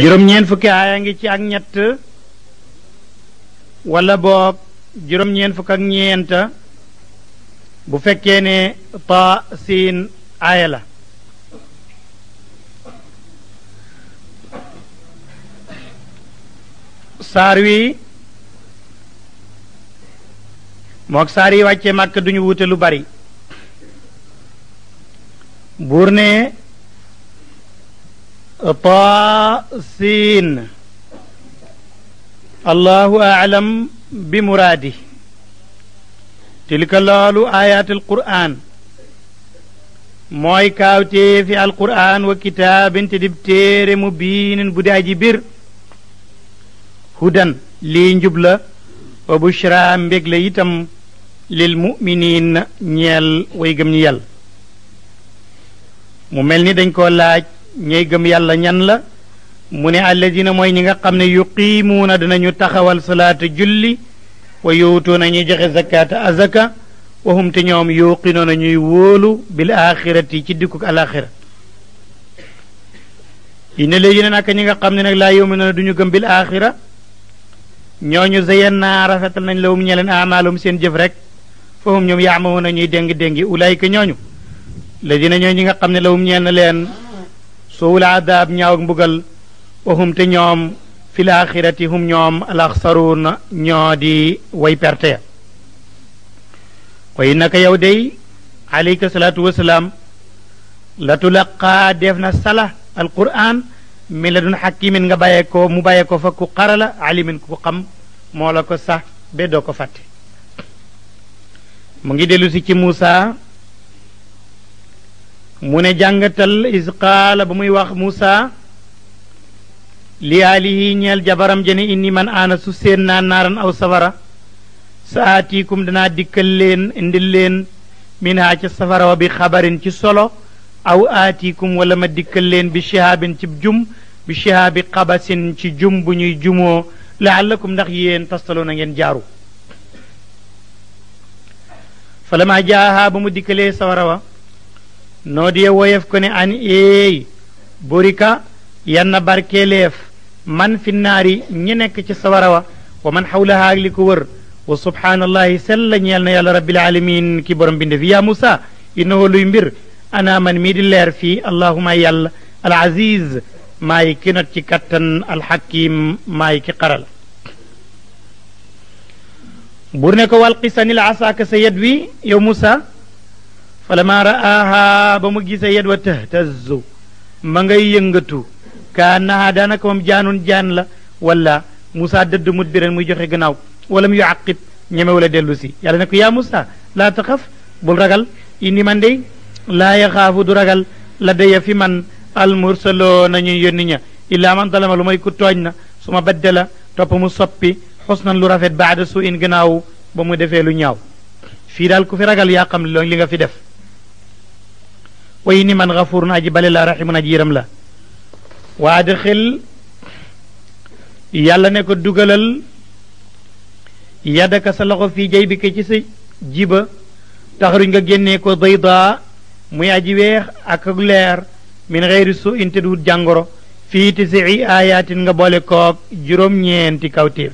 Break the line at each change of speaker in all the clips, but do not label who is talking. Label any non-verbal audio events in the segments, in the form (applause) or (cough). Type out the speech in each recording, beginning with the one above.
juróom-ñeent fukki aaya ngi ci ak ñett wala boog juróom bu fekkee ne ta siin aaya la saar wi mook saar yi wàccee màkk duñu wute lu bari buur ne taa siin allahu aalam bi muraadi tilka loolu ayatul qur'aan mooy kaawtee fi alqur'aan wa kitaabin dib téere mu biinin bu daa ji hudan lii njub wa bushra mbég la lil muminin ñeel way gëm mu mel ni dañ koo laaj ñay gëm yàlla ñan la mu ne alladina mooy ñi nga xam ne yuqiimuuna dinañu taxawal salaata julli wa yuutuuna ñuy joxe zakata azaka wahum te ñoom yuuqinoona ñuy wóolu bil axirati ci dikkuk alaxira yi ne léegi ne naka ñi nga xam ne nag laa yuminuuna duñu gëm bil axira ñooñu zeyen naa rafetal nañ lawum ñeleen amaalum seen jëf rek fahum ñoom yaamawuna ñuy déng déngi ulayka ñooñu ladina ñooñu ñi nga xam ne lawum ñeel na leen suul adaab ñaaw ak mbugal waxum te ñoom fi laaxirati hum ñoom alaxsaruun ñoo di way perte koy naka yow dey aleyka salaatu wasalaam la tulaqaa def na sala alquran mi la dun xakimin nga bàyyee ko mu bàyyee ko fa ku xarala alimin ku xam moo la ko sax be ko fàtte mu ngi dellu ci Muusa mu ne jàngatal is qaala ba muy wax Moussa li alihi ñeel jabaram jene inni man aana su seen naa naaran aw safara saatiikum danaa dikkal leen indil leen min haa ca safara wa bi xabarin ci solo aw aatiikum wala ma dikkal leen bi shihaabin ci jum bi shihaabi xabasin ci jum bu ñuy jumoo laallakum ndax yéen tastaloo na ngeen jaaru fa lama jaaha ba mu noodiye woyef ko ne an eey burika yanna barkeeleef man fi naari ñi nekk ci sawara wa man xawlaha ak ko wër wa subhaanallahi sella ñeel na yàlla rabbil alamin ki borom binde fi yaa Moussa innahu luy mbir ana di leer fii allahuma yàlla al aziz maay ki not ci kattan alxakim maay ki xaral bur ne ko wàl qisanil asaaka sa wi yow Moussa falammaa ra'aahaa ba mu gisee yet wa tahtazzu ma ngay yëngatu kaannahaa daanaka moom jaanun jaan la wala Moussa dëdd mudbiran muy joxe gannaaw wala mu yuaqib ñeme wala dellu si yàlla ne ko yaa Moussa laa taxaf bul ragal indi man dey laa yaxaafu du ragal la daya fi man almursaloona ñuy yónni ña illaa man dalama lu may ku tooñ na su ma baddala topp mu soppi xusnan lu rafet baada su in gannaaw ba mu defee lu ñaaw fii daal ku fi ragal yaa xam li nga way ni man xafurun aji bale la raximun aji yëram la wa adxil yàlla ne ko dugalal yadaka sa loxo fii jay bi ke ci sa jiba taxaruñ nga génnee ko bayda muy aji weex ak ak leer min xeyri su inte du jàngoro fii ti si ayatin nga boole koog juróom-ñeenti kawtéef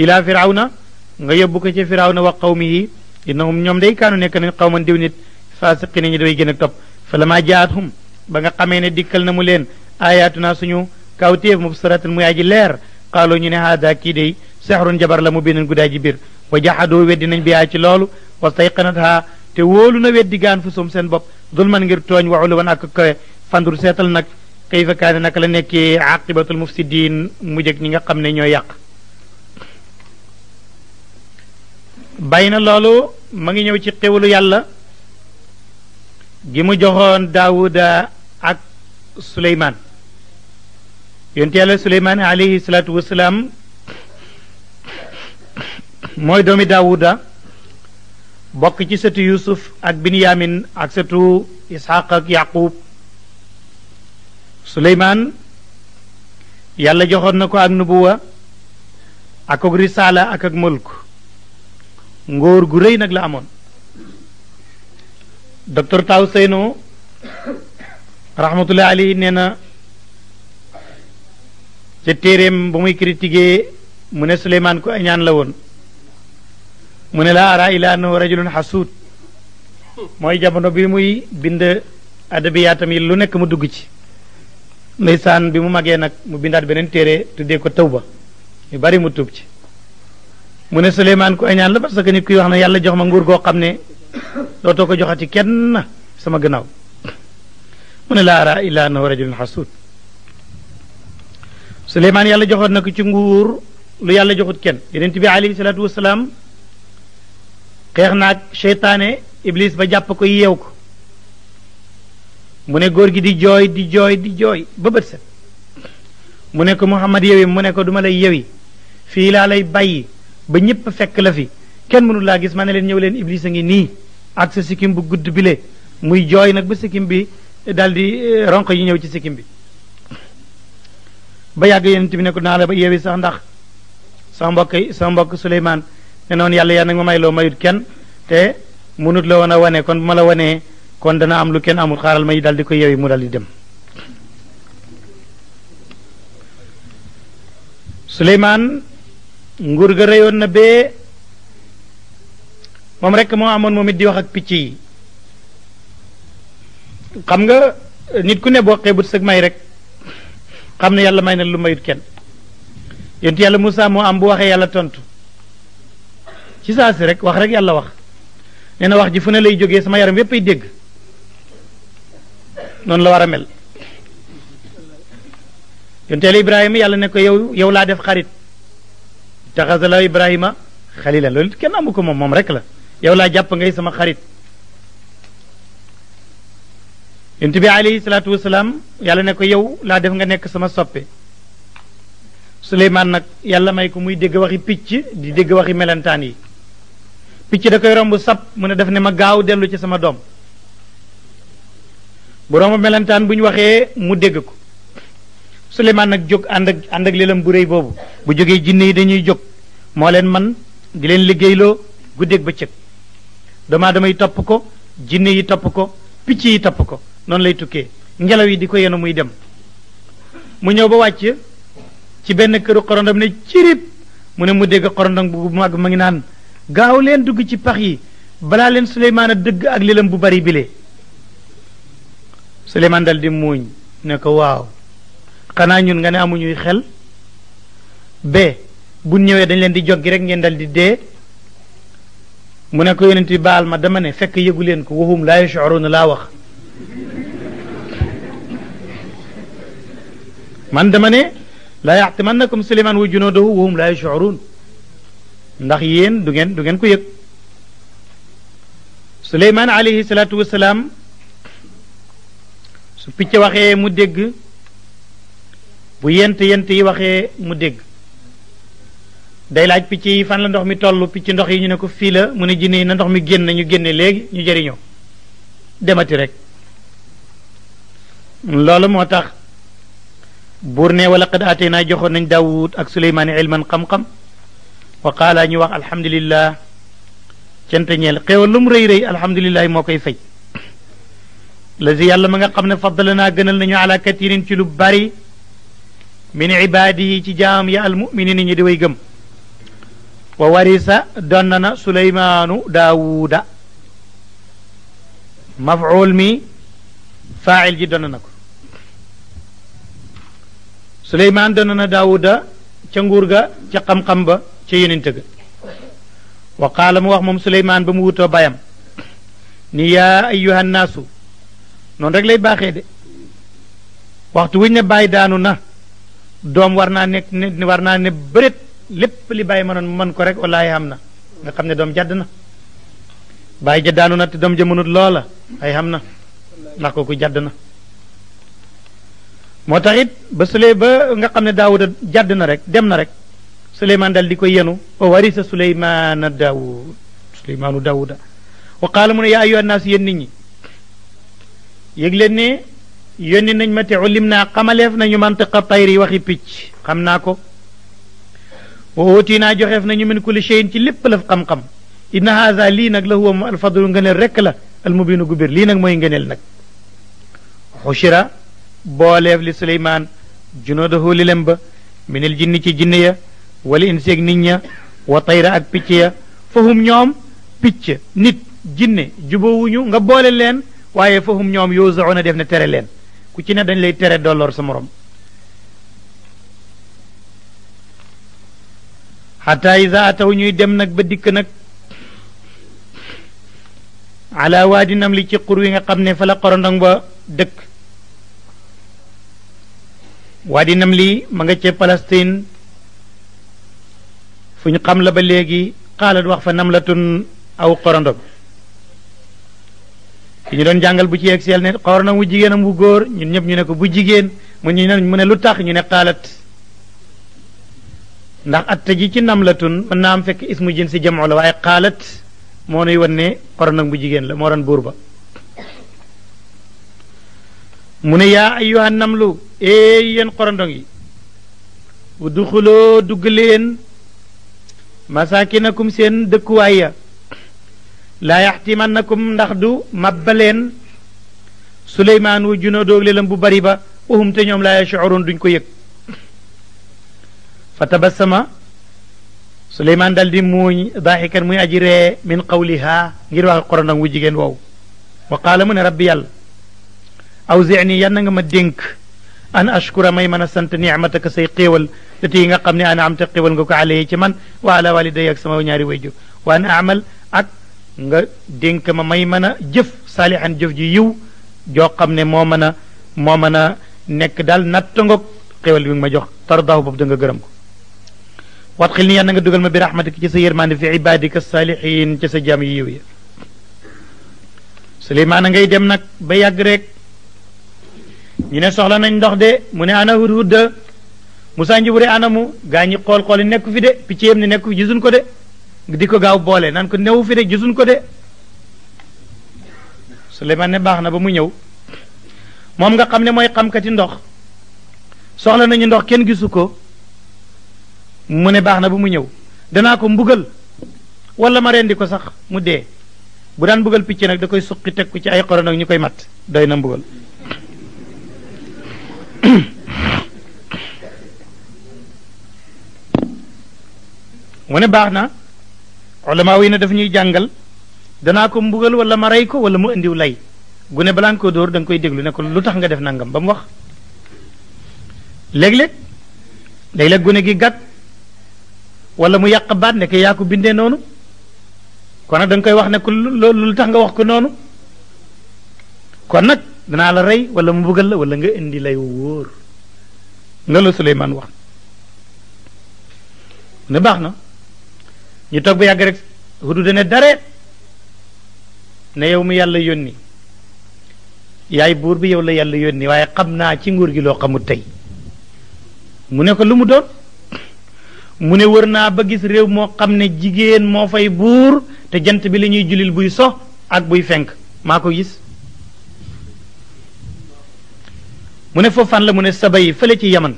ilaa na nga yóbbu ko ca firawna wa qawmihi innahum ñoom day kaanu nekk nañ xawman diw nit faasiqi na ñu dafay gën a topp fa la maa jaathum ba nga xamee ne dikkal na mu leen aayaatuna suñu kawtéef mubsiratan muy aji leer qaalu ñu ne haada kii day sexrun jabar la mu binan guddaa ji biir wa jaxadoo weddi nañ biyaa ci loolu wastayqanat haa te wóolu na weddi gaan fu soom seen bopp zulman ngir tooñ wa uluwan ak kawe fandur seetal nag kayfa kaane naka la nekkee aqibatul mufsidin mu jëg ñi nga xam ne ñoo yàq bàyyi na loolu ma ngi ñëw ci xéwalu yàlla gi mu joxoon daawuda ak suleymaan yonte yàlla suleymaan alayhi salaatu mooy doomi daawuda bokk ci sëtu yusuf ak binyamin ak sëtu isxaq ak yaqub suleymaan yàlla joxoon na ko ak nubuwa ak ak risaala ak ak mulk ngóor gu rëy nag la amoon docteur Taw Seyno rahmatullahi alayhi nee na ca téeréem ba muy critiqué mu ne Suleymaan ku añaan la woon mu ne laa ara ila annahu rajulun xasuud mooy jamono bi muy bind adabiyaatam yi lu nekk mu dugg ci ndeysaan bi mu magee nag mu bindaat beneen téere tuddee ko tawba ñu bari mu tub ci mu ne Suleymaan ku añaan la parce que nit kuy wax na yàlla jox ma nguur goo xam ne dootoo ko joxati kenn sama gannaaw mu ne laa ara illa annahu rajulun xasuud suleymaan yàlla joxoon na ko ci nguur lu yàlla joxut kenn yonent bi alayhi salaatu salaam xeex naag seytaane iblis ba jàpp ko yeew ko mu ne góor gi di jooy di jooy di jooy ba bët set mu ne ko Muhammad yewi mu ne ko duma lay yewi fii laa lay bàyyi ba ñëpp fekk la fi kenn mënul laa gis ma ne leen ñëw leen iblis a ngi nii ak sa sikkim bu gudd bile muy jooy nag ba sikkim bi daal di eh, ronq yi ñëw ci sikkim bi ba yàgg yonent bi ne ko naa la ba yeewi sax ndax sa mbokk sa mbokk Suleymaan ne yàlla yaa nag ma may loo mayut kenn te munut la woon a wane kon ma la wanee kon dana am lu kenn amul xaaral may dal di ko yeewi mu dal di dem Suleymaan nguur ga reyoon na bee moom rek moo amoon moom it di wax ak picc yi xam nga nit ku ne boo xeebut sëg may rek xam ne yàlla may na lu mayut kenn yonent yàlla Moussa moo am bu waxee yàlla tontu ci saa si rek wax rek yàlla wax nee na wax ji fu ne lay jógee sama yaram yépp ay dégg noonu la war a mel yonent yàlla Ibrahima yàlla ne ko yow yow laa def xarit taxasala Ibrahima xalila loolu kenn amu ko moom moom rek la yow laa jàpp ngay sama xarit yonent bi alayhi salaatu wasalaam yàlla ne ko yow laa def nga nekk sama soppe Suleymaan nag yàlla may ko muy dégg waxi picc di dégg waxi melentaan yi picc da koy romb sap mu ne def ne ma gaaw dellu ci sama doom bu romb melentaan bu ñu waxee mu dégg ko Suleymaan nag jóg ànd ak ànd ak lelam bu réy boobu bu jógee jinne yi dañuy jóg moo leen man di leen liggéeyloo guddeeg bëccëg doomu aadama yi topp ko jinne yi topp ko picc yi topp ko noonu lay tukkee ngelaw yi di ko yenu muy dem mu ñëw ba wàcc ci benn këru xorondom ne cirib mu ne mu dégg xorondom bu mag ma ngi naan gaaw leen dugg ci pax yi balaa leen suleymaan a dëgg ak lilam bu bari bile suleymaan dal di muuñ ne ko waaw xanaa ñun nga ne amuñuy xel be bu ñëwee dañ leen di joggi rek ngeen dal di dee mu ne ko yonent baal ma dama ne fekk yëgu leen ko waxum laa yashuruna laa wax man dama ne man na yaxtimannakum suleymaan wa junoodahu waxum laa yashurun ndax yéen du ngeen du ngeen ko yëg suleymaan alayhi salaatu wasalaam su picc waxee mu dégg bu yent yent yi waxee mu dégg day laaj picc yi fan la ndox mi toll picc ndox yi ñu ne ko fii la mu ne jinne yi na ndox mi génn ñu génne léegi ñu jariñoo demati rek loolu moo tax buur ne wala qad naa joxoon nañ daawud ak suleymaani ilman xam-xam wa qaala ñu wax alhamdulillah cent ñeel xéewal lu mu rëy rëy alhamdulilah moo koy fay lazi yàlla ma nga xam ne faddala naa gënal nañu ala katirin ci lu bari min ibaadihi ci jaam ya almuminin ñi di way gëm wa warisa donna na suleymaanu daawuda mafuul mi faa'il ji donna na ko suleymaan donna na daawuda ca nguur ga ca xam-xam ba ca yonent ga wa qaala wax moom suleymaan ba mu wutoo bayam ni yaa ayyuhan naasu noonu rek lay baaxee de waxtu wuñ ne bàyyi daanu na doom war naa ne war naa ne bëret lépp li bàyyi mënoon mën ko rek wallaahi am na nga xam ne doom jadd na bàyyi jaddaanu na te doom jëmanut loola ay xam na ndax ko jadd na moo tax it ba suley ba nga xam ne daawuda jadd na rek dem na rek suleymaan dal di ko yenu wa warisa suleymaana daawud suleymaanu daawuda wa qaala mu ne yaa ayyuha naas yéen nit ñi yëg leen ne yónni nañ ma te ulim naa xamaleef nañu mantiqa tayri waxi picc xam naa ko wa wootiinaa joxeef nañu min kulli cheyin ci lépp la xam-xam inna haza lii nag la huwa alfadlu ngëneel rekk la almubinu gu bir lii nag mooy ngëneel nag xushira booleef li suleymaan junoodahu lilem ba minil jinni ci jinne ya wala inseeg nit ña wa tayra ak picc ya fahum ñoom picc nit jinne jubawuñu nga boole leen waaye fahum ñoom yow zauna def na tere leen ku ci ne dañ lay tere dolloor sa morom hatta iza ataw ñuy dem nak ba dik nak ala wadi nam li ci qur wi nga xamne fa la ndang ba dekk wadi nam li ma nga ci palestine fu ñu xam la ba legi qala wax fa nam la aw qoro ki ñu doon jangal bu ci yegseel ne xorondong wu jigéenam wu goor ñun ñep ñu ne ko bu jigéen mu ñu ne lu tax ñu ne qalat ndax atta ji ci namlatun mën naa am fekk ismu jin si jamoo la waaye xaalat moo nuy wan ne bu jigéen la moo doon buur ba mu ne yaa ayyuha namlu ee yéen xorondong yi duxuloo dugg leen masakinakum seen dëkkuwaay ya laa yaxtimannakum ndax du mabbaleen suleymaan wu junoo doog lelam bu bari ba uhum te ñoom laa yashurun duñ ko yëg fa tabassama suleymaan dal di muuñ daaxikan muy aji ree min qawliha ngir wax xorondong wu jigéen woow wa qaala mu ne rabbi yàlla awzini yan na nga ma dénk an ashkura may mën a sant nicmataka say xéewal lati yi nga xam ne ana am te xéewal nga ko alayhi ci man wa ala waliday ak sama ñaari wayju wa an amal ak nga dénk ma may mën a jëf saalihan jëf ji yiw joo xam ne moo mën a moo mën a nekk daal natt ngoog xéewal bi nga ma jox tardahu boobu da nga gërëm ko watxil ni yàlla nga dugal ma bi rahmatika ci sa yërmande fi ibadika saalihin ci sa jaam yi yiw ya suleymaan a ngay dem nag ba yàgg rek ñu ne soxla nañ ndox de mu ne ana hudhud da Musaa ana mu gaa ñi xool xool nekk fi de picc yem ne nekku fi gisuñ ko de di ko gaaw boole nan ko newu fi de gisuñ ko de suleymaan ne baax na ba mu ñëw moom nga xam ne mooy xamkati ndox soxla nañu ndox kenn gisu ko mu ne baax na bu mu ñëw danaa ko mbugal wala ma ko sax mu dee bu daan mbugal picc nag da koy suqi teg ko ci ay xoron ñu koy mat doy na mbugal (coughs) mu ne baax na ulamaa yi ne daf ñuy jàngal danaa ko mbugal wala ma rey ko wala mu indiw lay gune balaa nga ko dóor da koy déglu ne ko lu tax nga def nangam ba mu wax léeg-léeg léeg gune gi gàtt wala mu yàq baat ne ko yaa bindee noonu kon nag da nga koy wax ne ko lu tax nga wax ko noonu kon nag danaa la rey wala mu bëggal la wala nga indi lay wóor la Suleymaan wax ne baax na ñu toog ba yàgg rek Hudud ne dare ne yow mi yàlla yoon ni yaay buur bi yow la yàlla yoon yónni waaye xam naa ci nguur gi loo xamul tey mu ne lu mu doon mu ne wër naa ba gis réew moo xam ne jigéen moo fay buur te jant bi lañuy ñuy buy so ak buy fenk maa ko gis mu ne foofu fan la mu ne saba yi fale ci yaman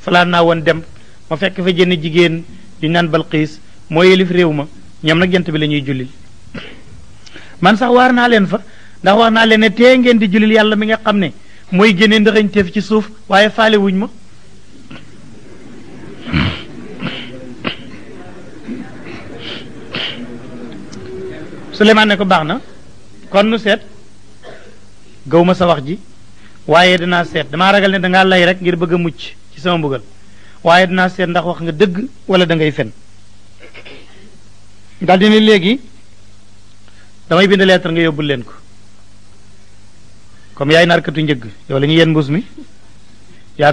falaan naa woon dem ma fekk fa jenn jigéen yu naan balqiis moo yelif réew ma ñoom nag jant bi la ñuy jullil man sax waar naa leen fa ndax wax naa leen ne tee ngeen di julil yàlla mi nga xam ne mooy génnee ndëxañteef ci suuf waaye faale wuñ ma suleyman ne ko baxna kon nu set, gawma sa wax ji waye dinaa set dama ragal ne nga lay rek ngir bëgg mucc ci sama mbugal waye dinaa set ndax wax nga deug wala da ngay fen dal dina legi damay bind lettre nga yobul len ko comme yaay narkatu njëgg yow la yeen mbuus mi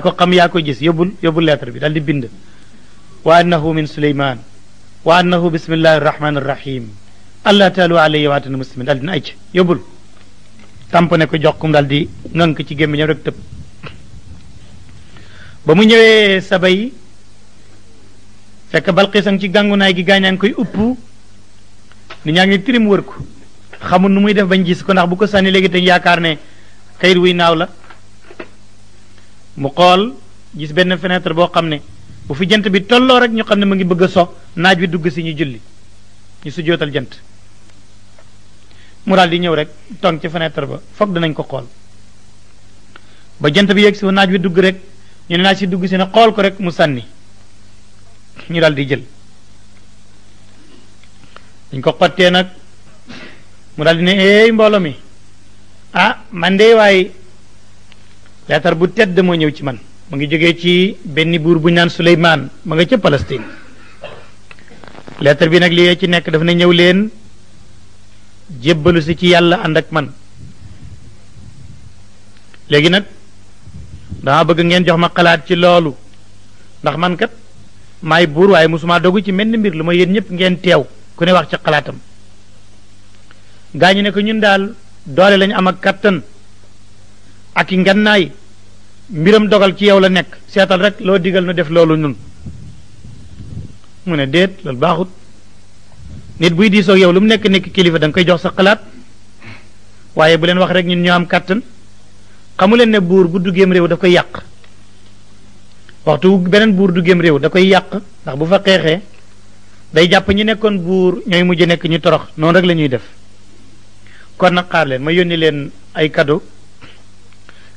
ko xam ya ko gis yobul yobul lettre bi dal di bind wa annahu min suleyman wa annahu bismillahir rahmanir rahim allah wa alayhi wa atana muslimin dal dina yobul yóbbul ko jokum dal di ngank ci gémmiñam rek tepp ba mu ñëwee sabay fekk balqisan ci gàngunaay gi gañan koy upp ni ñangi trim wër ko xamul nu muy def bañ gis ko ndax bu ko sànni legi te yaakar ne xeyr wi naaw la mu xol gis benn fenêtre bo xamne bu fi jent bi tollo rek ñu xamne ne mu ngi bëgg so naaj bi dugg ci ñu julli ñu jant mu daal di ñëw rek toog ci fenêtre ba foog danañ ko xool ba jant bi yegg si naaj bi dugg rek ñu ne naaj si dugg si ne xool ko rek mu sànni ñu daal di jël dañ ko xottee nag mu daal di ne eey mbooloo mi ah man de waaye leetar bu tedd moo ñëw ci man mu ngi jógee ci benn buur bu naan Suleymaan ma nga ca Palestine leetar bi nag ci nekk daf na leen jébbalu si ci yàlla ànd ak man léegi nag dama bëgg ngeen jox ma xalaat ci loolu ndax mankat may maay buur waaye musuma dogu ci menn mbir lu ma yéen ñëpp ngeen teew ku ne wax ci xalaatam gaañu ne ko ñun daal doole lañu am ak kàttan ak i ngannaay mbiram dogal ci yow la nekk seetal rek loo digal nu def loolu ñun mu ne déet loolu baaxut nit buy diisoo yow lu mu nekk nekk kilifa danga koy jox sa xalaat waaye bu leen wax rek ñun ñoo am kàttan xamu leen ne buur bu duggeem réew da koy yàq waxtu beneen buur duggeem réew da koy yàq ndax bu fa xeexee day jàpp ñi nekkoon buur ñooy mujj nekk ñu torox noonu rek la ñuy def kon nag leen ma yónni leen ay cadeau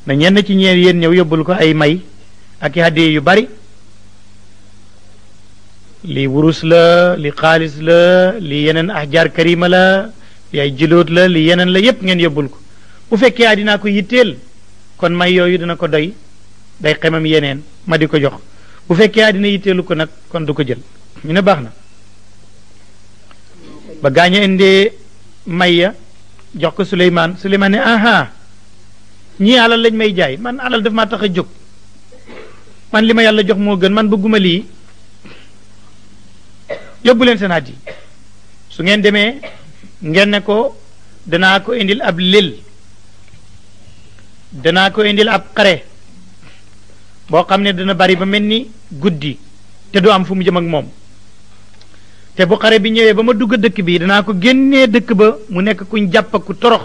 na ñenn ci ñeen yéen ñëw yóbbul ko ay may ak i yu bari li wurus la li xaalis la li yeneen ahjaar karima la li ay jilóot la li yeneen la yépp ngeen yóbbul ko bu fekkee àddinaa ko yitteel kon may yooyu dana ko doy day xemam yeneen ma di ko jox bu fekkee àddina yitteelu ko nag kon du ko jël ñu ne baax na ba gaañ a indee may ya jox ko Suleymaan Suleymaan ne aha ñii alal lañ may jaay man alal daf ma tax a jóg man li ma yàlla jox moo gën man bëgguma lii yobbu len sen hàddi su ngeen deme ngeen ne ko dana ko indil ab lil dana ko indil ab xare bo xamne dana bari ba melni ni guddi te du am fu mu jëm ak mom te bu xare bi ñewé ba ma dugg dëkk bi dana ko génnee dëkk ba mu nekk kuñ japp ku torox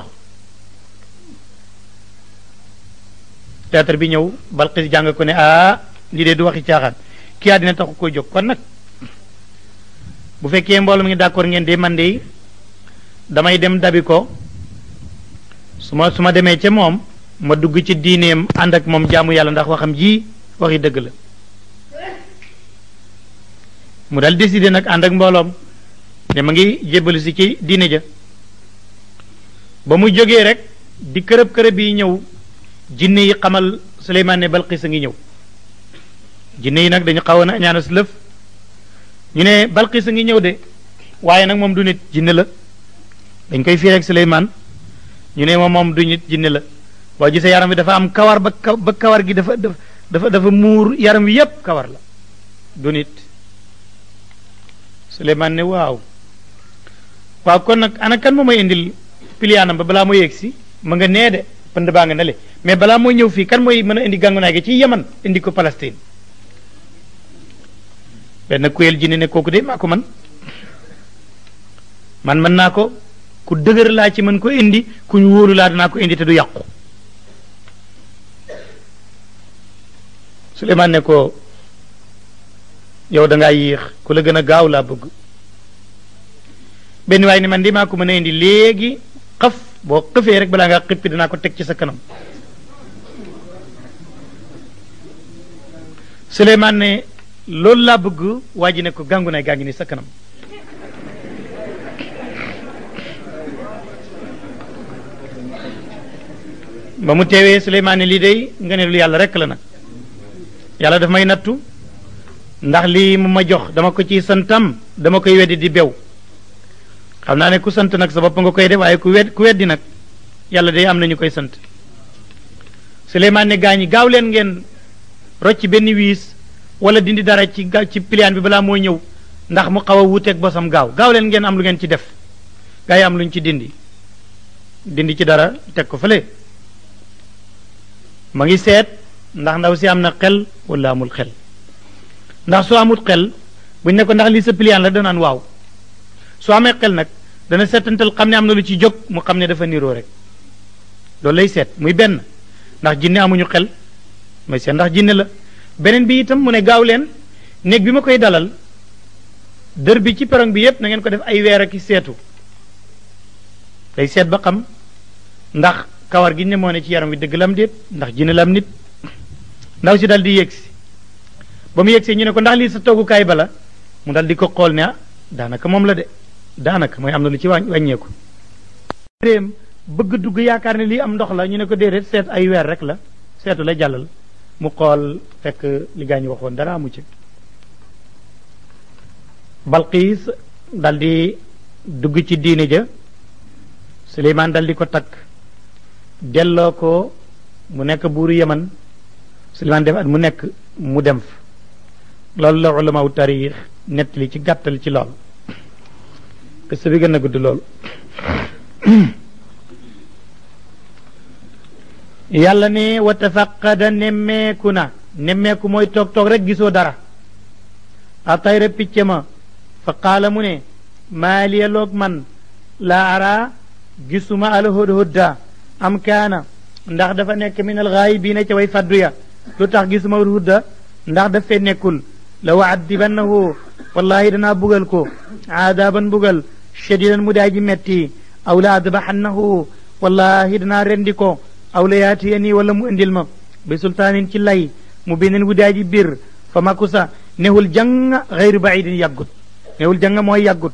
bi ñew balqis jang ko ne ah li de du waxi caaxaan kii àddina kon nak bu fekkee mbooloom mi ngi d'accord ngeen di man de damay dem dabi ko su ma su ma demee ca moom ma dugg ci diineem ànd ak moom jaamu yàlla ndax waxam ji waxi dëgg la mu daal décidé nag ànd ak mbooloom ne ma ngi jébbalu si ci diine ja ba mu jógee rek di kërëb kërëb bi ñëw jinne yi xamal Suleymaan ne Balqis a ngi ñëw jinne yi nag dañu na a ñaanal lëf ñu ne balqis ngi ñëw de waaye nag moom du nit jinne la dañ koy fiir ak suleyman ñu ne moom moom du nit jinne la boo gisee yaram bi dafa am kawar ba ba kawar gi dafa dafa dafa muur yaram wi yépp kawar la du nit suleyman ne waaw waaw kon nag ana kan moomay indil pilianam ba balaa moo yegg si ma nga nee de pënd baa nga nale mais balaa mo ñëw fii kan mooy mën a indi gàngunaay gi ci yaman indi ko palestine benn kuyel jinne ne kooku de maa ko man man naa ko ku dëgër laa ci man ko indi ku ñu wóolu laa danaa ko indi te du yàqu Suleymaan ne ko yow danga ngaa yéex ku la gën a gaaw laa bëgg benn waay ni man di maa ko mën a indi léegi xaf boo xëfee rek balaa nga xippi danaa ko teg ci sa kanam Suleymaan ne loolu laa bëgg waa ji ne ko gàngu naay gaa ngi ni sa kanam ba mu teewee Suleymaan ne lii day nga ne lu yàlla rekk la nag yàlla daf may nattu ndax lii mu ma jox dama ko ciy santam dama koy weddi di bew xam naa ne ku sant nag sa bopp nga koy def waaye ku wed ku weddi nag yàlla day am na ñu koy sant Suleymaan gaa ñi gaaw leen ngeen rocc benn wiis wala dindi dara ci ci pliaan bi bala mooy ñew ndax mu xawa a wuuteeg bosam gaaw gaaw leen ngeen am lu ngeen ci def gaay am luñ ci dindi dindi ci dara tek ko fele ma ngi seet ndax ndaw si am na xel wala amul xel ndax soo amul xel buñ ne ko ndax li sa pliaan la danaan waaw soo amé xel nak dana seetantal xamni amna lu ci jog mu xamni dafa niro rek lolay lay muy ben ndax jinne amuñu xel may seet ndax jinne la beneen bi itam mu ne gaaw leen néeg bi ma koy dalal dër bi ci perong bi yépp na ko def ay weer ak i seetu day seet ba xam ndax kawar gi ne moo ne ci yaram wi dëgg lam déet ndax jine lam nit ndaw si dal di yegsi ba mu yegsee ñu ne ko ndax lii sa toggukaay bala mu dal di ko xool ne ah, daanaka moom la de daanaka mooy am na lu ci wàññeeku réem bëgg dugg yaakaar ne lii am ndox la ñu ne ko déedéet seet ay weer rek la seetu la jàllal mu xool fekk li gaa ñu waxoon dara amu ci balqiis dal di dugg ci diine ja suleymaan dal di ko takk delloo ko mu nekk buuru yaman suleymaan def at mu nekk mu dem fa loolu la ulamaaw taarix nettali ci gàttal ci lool qissa bi gën a gudd loolu yàlla ne wa tafaqada nemmeeku na nemmeeku mooy toog toog rek gisoo dara a tayra picc ma fa qaala mu ne maa liya loog man laa ara gisuma al am kaana ndax dafa nekk min al gaayibiina ca faddu ya lu tax gisuma al ndax dafa nekkul la waaddibannahu wallahi dana bugal ko aadaaban bugal shadidan mu daaji metti aw la adbaxannahu wallahi danaa rendi ko aw la yaatiya nii wala mu indil ma bi sultaanin ci lay mu binin wu daaji biir fa makusa newul jàng xeyru baidin yàggut newul jàng mooy yàggut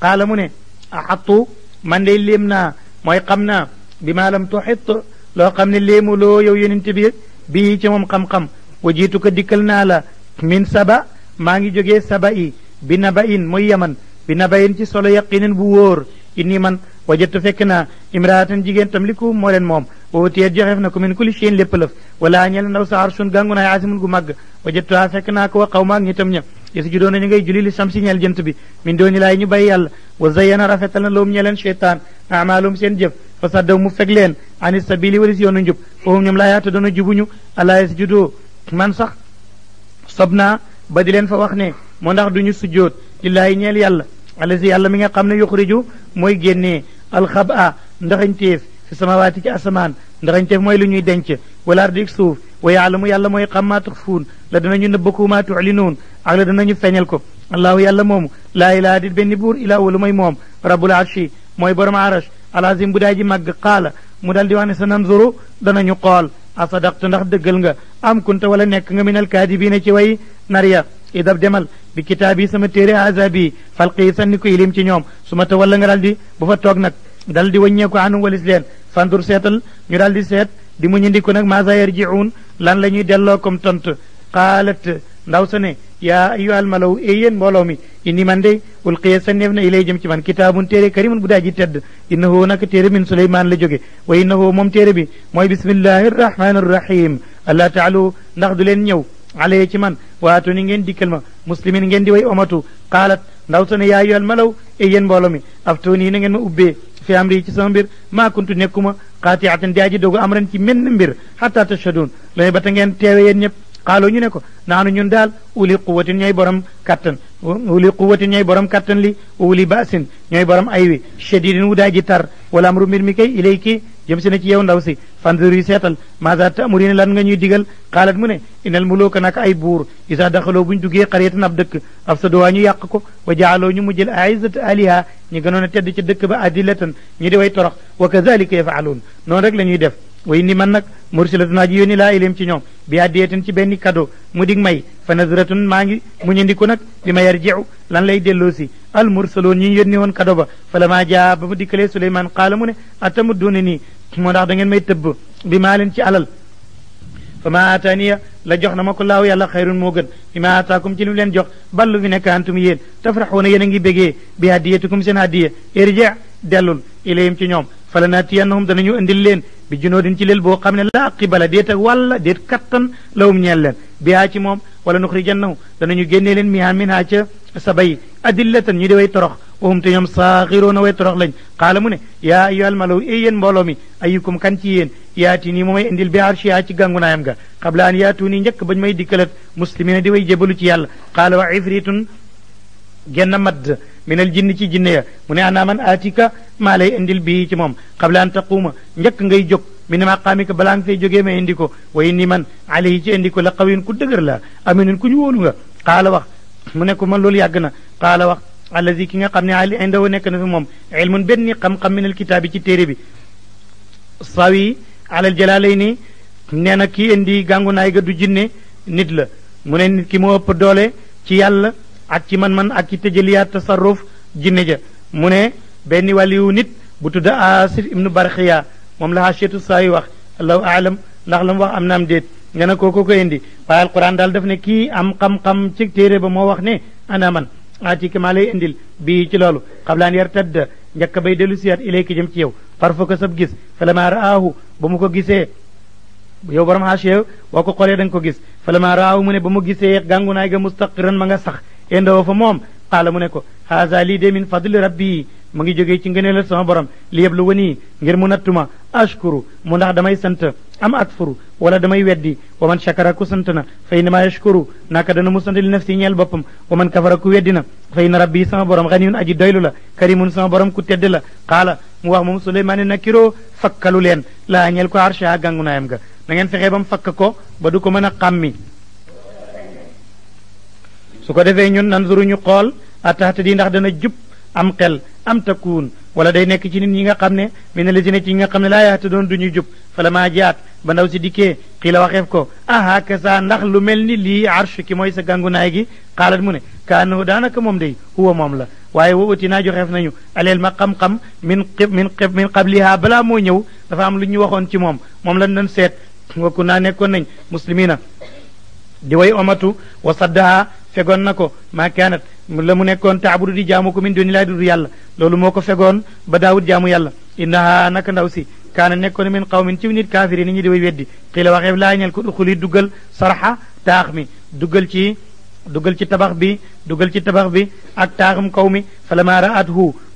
qaala mu ne axattu man day léem naa mooy xam naa bi maa lam tuxit loo xam ne léemu loo yow yonent bi bii ci moom xam-xam wa jiitu ko dikkal naa la min saba maa ngi jógee saba i bi naba in mooy yaman bi naba in ci solo yaqinin bu wóor inni man wajatu fekk na imraatan jigéen tam liku moo moom ootiyet joxeef na ko min kulli shay'in lépp lëf wala ñel ndaw sa arsun gàngu naay aasimun gu màgg wajattuhaa fekk naa ko wa xaw maag ñitam ña yesu ji doona ñu ngay juli li samsi jënt bi min dooni laay ñu bay yàlla wa zayyana rafetal na loom ñeleen cheytaan amaalum seen jëf fa saddaw mu feg leen ani sabili wali si yoonu njub foofu ñoom laa yaata doona jubuñu alaa yasjudoo man sax sob naa ba di leen fa wax ne moo ndax duñu sujjoot lillaahi ñeel yàlla fi samawaati ci asamaan ndarañteef mooy lu ñuy denc wala ardik suuf wa yàlla mooy xam maa tuxfuun la danañu nëbb ko maa tuxlinuun ak dana danañu feeñal ko allahu yàlla moomu laa ilaha dit benn buur ilaa walu mooy moom rabbul arshi mooy borom arash alazim bu daa ji màgg qaala mu daal di sa ne sa nanzuru danañu xool a sadaqtu ndax dëggal nga am kunta wala nekk nga minal kaadibiina ci way nariya idab demal bi kitaabi sama téere azabi falqii sanni ko ilim ci ñoom su ma ta wala nga daal di bu fa dal di wàññeeku anum walis leen fandur seetal ñu daal di seet di mu ñandiku nag maasa yarjiun lan la ñuy delloo comme tont qaalat ndaw sa ne yaa ayyuhal malaw e yéen mbooloo mi inni man de ulqiya sanneef na ilay jëm ci man kitaabun téere karimun bu daaji tedd innahu nag téere min suleymaan la jóge wa innahu moom téere bi mooy bismillahi arrahmani arrahim allah taalu ndax du leen ñëw alay ci man waatu ni ngeen dikkal ma muslimin ngeen di way omatu qaalat ndaw sa ne yaa ayyuhal malaw e yéen mbooloo mi aftuuni na ngeen ma ubbee fi amri ci sama mbir maa kuntu nekkuma xaatiatan di aji dogu amran ci menn mbir xataa tashhaduun la ba ta ngeen teewe yéen ñëpp xaaloo ñu ne ko naanu ñun daal uli quwatin ñooy borom kattan li uli baasin ñooy borom ay wi shadidin wu daaji tar wala amru mbir mi kay ilay jëm ci ne ci yow ndaw si fanzuri seetal maasa tamurina lan nga ñuy digal xaalat mu ne inal muluka nak ay buur isa daxaloo buñ ñu duggee xariyatan ab dëkk af sadowa ñu yàq ko wa jaaloo ñu mujjël aizat aliha ñi gënoon a tedd ci dëkk ba adilatan ñi di way torox wa kazalika yafaaluun noonu rek la ñuy def way ni man nag mursilatun ji yóni laa ilim ci ñoom bi addiyetan ci benn kado mu dig may fa nazratun maa ngi mu ñandiku nag li ma yarjiu lan lay delloo si al mursaloon ñi ñu yónni woon cadeau ba fa la maa jaa ba mu dikkalee suleyman qaala mu ne atamudduuna nii moo tax da ngeen may tëbb bi maa leen ci alal fa ma ataaniya la jox na ma ko laaw yàlla xayrun moo gën bi ma ataakum ci li mu leen jox ballu fi nekk antum yéen tafraxuuna yéen a ngi bégee bi hadiyatukum seen hadiya irja dellul ilayhim ci ñoom fala naatiyannahum danañu indil leen bi junoodin ci lel boo xam ne laa qibala déet ak wàlla déet kattan lawum ñeel leen bihaa ci moom wala nuxrijannahum danañu génnee leen mihaa min haa ca sabay adillatan ñu di way torox wahum te ñoom saaxiroona way torox lañ xaala mu ne yaa ayyuhal malaw éy yéen mbooloo mi ayyukum kan ci yéen yaati nii moomay indil bi arshiha ci gàngu naayam ga xabla an yaatu nii njëkk bañ may dikkalat muslimina di way jabalu ci yàlla xaala wa ifritun genn madd minal jinni ci jinne ya mu ne ana man aatika maa lay indil bii ci moom xabla an taquuma njëkk ngay jóg min maqaamika balaa nga fay jógee ma indi ko way ni man alayhi ci indi ko la qawiyun ku la aminun ku ñu wóolu nga xaala wax mu ne man loolu yàgg na qaala wax allazi ki nga xam ne ali indahu nekk na fi moom ilmun benni xam-xam min al bi ci téere bi sawi alal jalaalayni nee na kii indi gàngu naay ga du jinne nit la mu ne nit ki moo ëpp doole ci yàlla ak ci man-man ak ci tëjaliyaat tasarruf jinne ja mu ne benn wàliyu nit bu tudd asif ibnu barxiya moom la seetu saa wax allahu alam ndax la mu wax am naam déet nga ne kooku ko indi waaye alquran daal daf ne kii am xam-xam ci téere ba moo wax ne ana man aatiki maa lay indil bii ci loolu xablaan yar tëdd njëkk bay dellu siyaat ilayki jëm ci yow farfa ko sab gis falamaa raahu ba mu ko gisee yow borom haashiya boo ko xoolee da ko gis falamaa raahu mu ne ba mu gisee gàngu naay ga mustaqiran ma nga sax indoo fa moom qaala mu ne ko haasa lii de min fadli rabbi mu ngi jógee ci ngëneelal sama borom li yeblu wanii ngir mu nattuma ashkuru mu ndax damay sant am ak akfuru wala damay weddi wa man shakara ku sant na fa innama yashkuru naka dana mu sant li nafsi ñeel boppam wa man kafara ku weddi na fa inna rabbi sama borom xaniyun aji doylu la karimun sama borom ku tedd la qaala mu wax moom suleymaani nakiroo fakkalu leen laa ñeel ko arsha gàngu naayam ga na ngeen fexee ba mu fakk ko ba du ko mën a xàmmi su ko defee ñun nanzuru ñu xool a taxta di ndax dana jub am xel am takuun wala day nekk ci nit ñi nga xam ne min alladina ci nga xam ne laa yaata doon du ñu jub fala maa jaat ba ndaw si dikkee xiila waxeef ko ah hakasa ndax lu mel ni lii arsh ki mooy sa gangu gàngunaay gi xaalat mu ne kaanahu daanaka moom day huwa moom la waaye wa utinaa joxeef nañu aleel ma xam-xam min min min qabliha balaa moo ñëw dafa am lu ñu waxoon ci moom moom lañ doon seet wakku naa nekkoon nañ muslimina di way omatu wa saddaha fegoon na ko maa kaanat la mu nekkoon taabudu di jaamu ko min duni laay dudu loolu moo ko fegoon ba daawud jaamu yàlla innaha naka ndaw si kaana nekkoon min qawmin ci nit kaafiri ni ñu di way weddi xii la waxeef laa ñel ko duxuli duggal sarxa taax mi duggal ci dugal ci tabax bi dugal ci tabax bi ak taaxum kaw mi fa la maa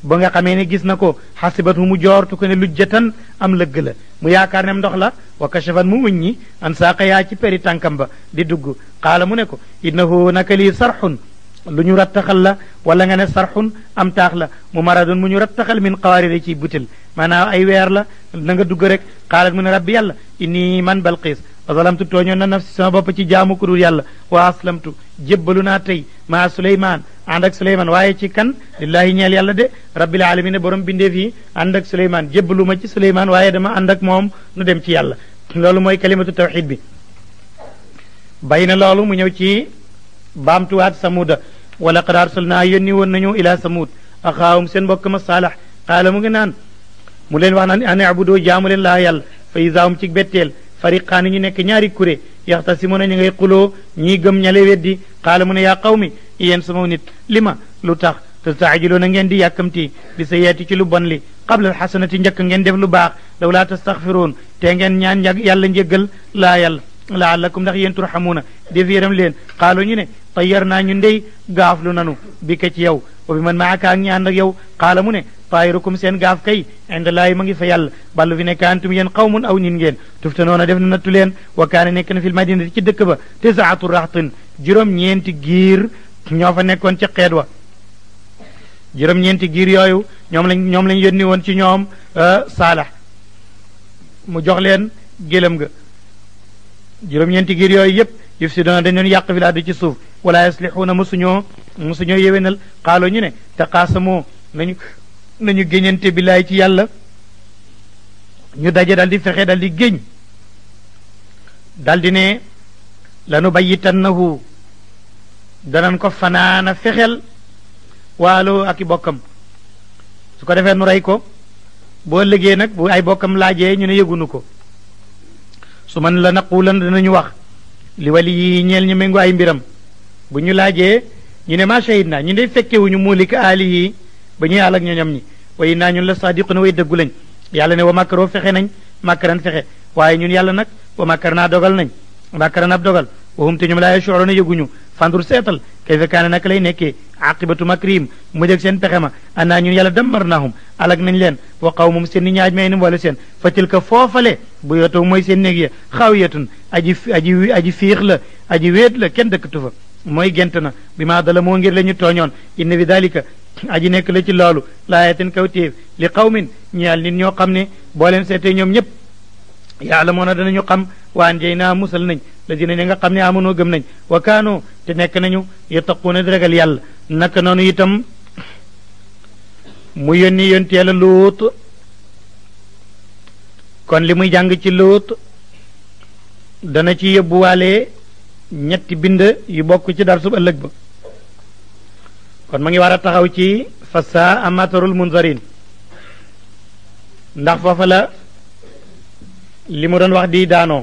ba nga xamee ne gis na ko xasibatu mu joortu ko ne lujjatan am lëgg la mu yaakaar ne ndox la wa kashafan mu uñ ñi an saaqa yaa ci peri tànkam ba di dugg xaala mu ne ko na innahu naka lii sarxun lu ñu rattaxal la wala nga ne sarxun am taax la mu maradun mu ñu rattaxal min xawaarida ci butil maanaam ay weer la na nga dugg rek xaalat mu ne rabbi yàlla indi man balqiis wasalamtu tooñoon na nafsi sama bopp ci jaamu ku dul yàlla wa aslamtu jébbalu naa tey maa suleyman ànd ak suleyman waaye ci kan lillahi ñeel yàlla de rabbil alamin ne borom bindeef yi ànd ak suleyman jébbalu ma ci suleyman waaye dama ànd ak moom nu dem ci yàlla loolu mooy kalimatu tawxid bi bay na loolu mu ñëw ci baamtuwaat samuda wala qad arsalnaa yónni woon nañu ila samud axaawum seen mbokk ma saalax qaala mu ngi naan mu leen wax naan an abudu jaamu leen laa yàlla fa ci betteel fariqaani ñu nekk ñaari kuré yaxtasimuna ñu ngay xuloo ñii gëm ñale weddi xaala mu ne yaa xaw mi yéen sama nit li ma lu tax tastaajiluuna ngeen di yàkkamti bi sa yeeti ci lu bon li qabla alxasanati njëkk ngeen def lu baax law laa tastaxfiruun te ngeen ñaan yàlla njéggal laa yàlla laalakum ndax yéen turxamuuna def yéram leen xaalu ñu ne tayyar naa ñu dey gaaflu nanu bi ka ci yow wa bi man maaka ak ñi ànd ak yow xaala mu ne taayirukum seen gaaf kay inda laayi ma ngi fa yàlla ballu fi nekk antum yéen xawmun aw nin ngeen tufta noona def na nattu leen wa kaane nekk na fil madinati ci dëkk ba tisaatu raxtin juróom ñeenti giir ñoo fa nekkoon ci xeet wa juróom ñeenti giir yooyu ñoom lañ ñoom lañ yónni woon ci ñoom euh, saalax mu jox leen gélëm ga juróom ñeenti giir yooyu yépp yufsiduuna dañ doon yàq fi la addi ci suuf wala yaslihuuna mosuñoo mosuñoo yéwénal xaaloo ñu ne te xaasamoo nañu nañu géñante billaay ci yàlla ñu daje dal di fexe dal di géñ daldi di ne lanu bayitannahu danañ ko fanaana fexeel waalo ak i bokkam su ko defee nu rey ko boo lëgee nag bu ay bokkam laajee ñu ne yëgunu ko su man la naqulan ñu wax li wali yi ñeel ñu méngoo ay mbiram bu ñu laajee ñu ne maa shahid naa ñu ne fekkewuñu muulik aali yi ba ñuy àll ak ñoñam ñi way naa ñun la na way dëggu lañ yàlla ne wa makaroo fexe nañ makaran fexe waaye ñun yàlla nag wa makar naa dogal nañ makaran ab dogal wa hum te ñoom laa yashuruna yëguñu fandur seetal kayfa kaana naka lay nekkee aqibatu makrihim mujj ak seen pexe ma annaa ñun yàlla dammarnaahum alag nañ leen wa qawmum seen ni ñaaj may nim wala seen fa tilka foofale bu yotaw mooy seen néeg ya xawiyatun aji aji aji fiix la aji wéet la kenn dëkkatu fa mooy gent na dala moo ngir la ñu inna bi dalika aji nekk la ci loolu laayatin kaw li qawmin ñeel nit ñoo xam ne boo leen seetee ñoom yaalamoona danañu xam waan jey naa nañ la dina ña nga xam ne amonoo gëm nañ wa te nekk nañu yattaquuna di ragal yàlla naka noonu itam mu yónni yonti yàlla kon li muy jàng ci luut dana ci yóbbuwaale ñetti bind yu bokk ci dar sub ëllëg ba kon ma ngi war taxaw ci fassa amatarul munzarin ndax foofa li mu doon wax di daanoo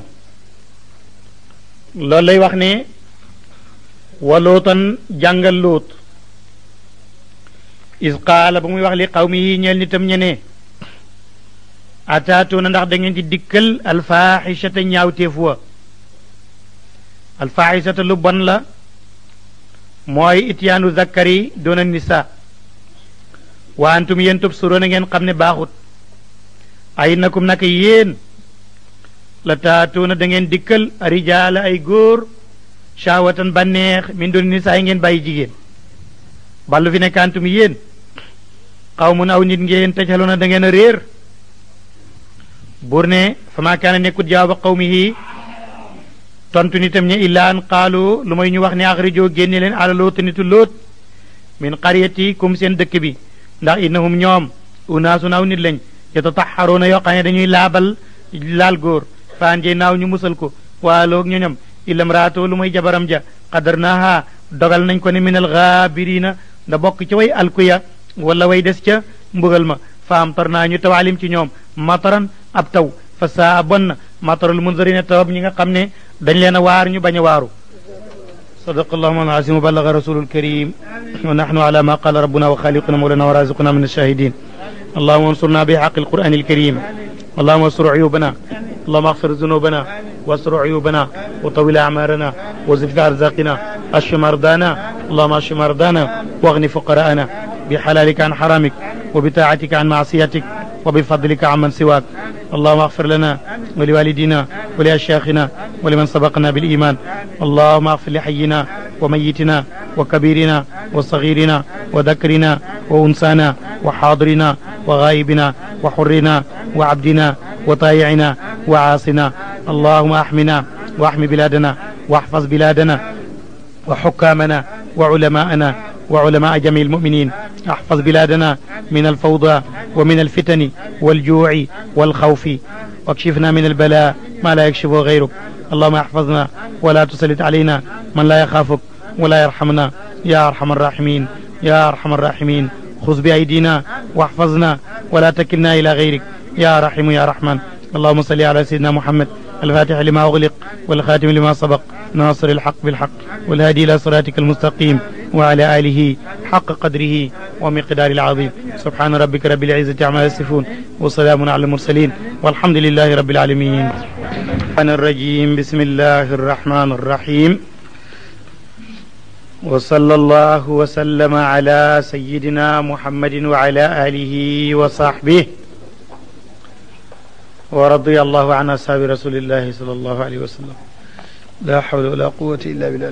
loolu lay wax ne wa lootan jàngal loot is qaala ba muy wax li xaw mi yi ñeel nitam ñenee ataatuuna ndax da ngeen di dikkal alfaaxisata ñaawteef wa alfaaxisata lu bon la mooy ityaanu zakari doona nisa wa antum yéen tubsuroona ngeen xam ne baaxut ay nakum naka yéen la taatuuna da ngeen dikkal rijaala ay góor shawatan bànneex min duni ni yi ngeen bàyyi jigéen ballu fi nekkantum yéen xaw mun aw nit ngeen tajaloona da ngeen a réer buur ne fa maa kaana nekkut jawaaba qawmihi tontu nitam ñe illaa an qaalu lu may ñu wax ne axrijoo génne leen ala loota nitu loot min qariyati kum seen dëkk bi ndax innahum ñoom leng, aw nit lañ yatataxaroona yoo xam ne dañuy laabal laal góor faan jey naaw ñu musal ko waaloog ñoñam ilam raatoo lu may jabaram ja xadar dogal nañ ko ne minal gaabirina nda bokk ci way alkuya wala way des ca mbugal ma fa am tar ñu tawaalim ci ñoom mataran ab taw fa saa matarul munzarina tawab ñi nga xam ne dañ leen a waar ñu bañ a waaru صدق اللهم العظيم وبلغ رسول الكريم ونحن على ما قال ربنا وخالقنا مولانا ورازقنا من الشاهدين اللهم انصرنا بحق القرآن الكريم اللهم انصر عيوبنا اللهم اغفر ذنوبنا واستر عيوبنا وطول أعمارنا وزد أرزاقنا اشف مرضانا اللهم اشف مرضانا واغن فقراءنا بحلالك عن حرامك وبطاعتك عن معصيتك وبفضلك عمن سواك اللهم اغفر لنا ولوالدينا ولأشياخنا ولمن سبقنا بالإيمان اللهم اغفر لحينا وميتنا وكبيرنا وصغيرنا وذكرنا وأنسانا وحاضرنا وغائبنا وحرنا وعبدنا وطائعنا وعاصنا اللهم احمنا واحم بلادنا واحفظ بلادنا وحكامنا وعلماءنا وعلماء جميع المؤمنين احفظ بلادنا من الفوضى ومن الفتن والجوع والخوف واكشفنا من البلاء ما لا يكشفه غيرك اللهم احفظنا ولا تسلط علينا من لا يخافك ولا يرحمنا يا ارحم الراحمين يا ارحم الراحمين خذ بايدينا واحفظنا ولا تكلنا الى غيرك يا رحيم يا رحمن اللهم صل على سيدنا محمد الفاتح لما أغلق والخاتم لما سبق ناصر الحق بالحق والهادي إلى صراطك المستقيم وعلى آله حق قدره ومقدار العظيم سبحان ربك رب العزة عما يصفون وسلام على المرسلين والحمد لله رب العالمين أنا الرجيم بسم الله الرحمن الرحيم وصلى الله وسلم على سيدنا محمد وعلى آله وصحبه wa radiya allahu an ashaabi rasulillahi sal allahu alayhi wa sallam la hawla wala quwwata illa billah